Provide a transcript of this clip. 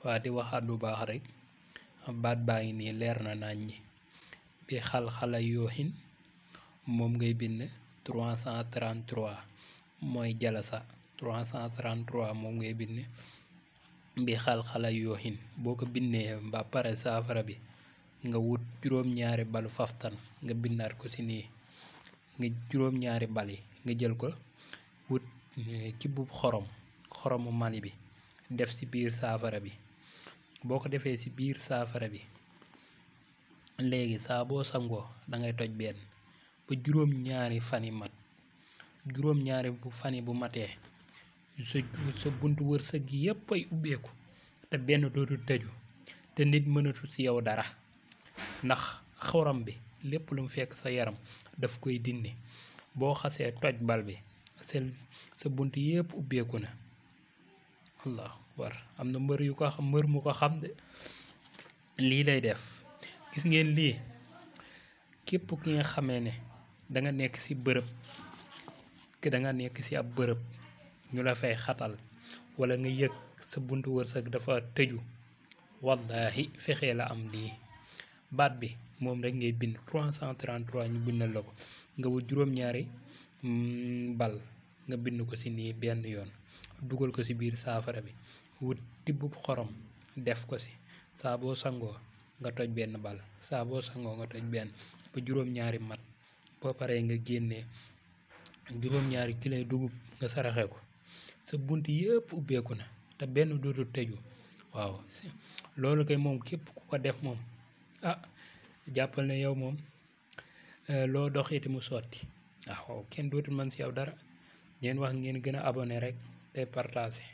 waa di waxaat bu baax rek baat baa ngi nii leer na naañ ñi bi xal-xala yooxin moom ngay bind 333 mooy jalasa 333 moom ngay bind bi xal-xala yooxin boo ko bindee ba pare saafara bi nga wut juróom-ñaari balu faftan nga bindaat ko si nii nga juróom-ñaari bal nga jël ko wut kibub eh, xorom xoromu mali bi def ci biir saafara bi boo ko defee ci biir saafara bi léegi saa boo sangoo dangay toj benn ba juróom ñaari fani mat juróom ñaari bu fani bu matee sa sa buntu wërsëg gi yépp ay ubbeeku te benn dootu tëju te nit mënatu ci yow dara ndax xorom bi lépp lu mu fekk sa yaram daf koy dindi boo xasee toj bal bi sa sa bunt yépp ubbeeku na allahu akbar am na mbër yu ko xam mbër mu ko xam de lii lay def gis ngeen lii képp ki nga xamee ne danga nekk ci bërëb ki danga nekk ci ab bërëb ñu la fay xatal wala nga yëg sa buntu wërsëg dafa tëju wallahi fexe la am lii baat bi moom rek ngay bind 333 ñu bindal la nga wut juróom-ñaari mm, bal nga bind ko ci nii benn yoon dugal ko ci biir saafara bi wut tibb xorom def ko ci saabo sangoo nga toj benn bal saabo sangoo nga toj benn ba juróom-ñaari mat boo paree nga génnee juróom-ñaari kilo dugub nga saraxe ko sa bunt yépp ubbeeku na te benn dootu tëju waaw loolu kay moom képp ku ko def moom ah jàppal ne yow moom eh, loo dox mu sotti waaw kenn dootul man si yow dara ngeen wax ngeen gën a abonné rek te partagé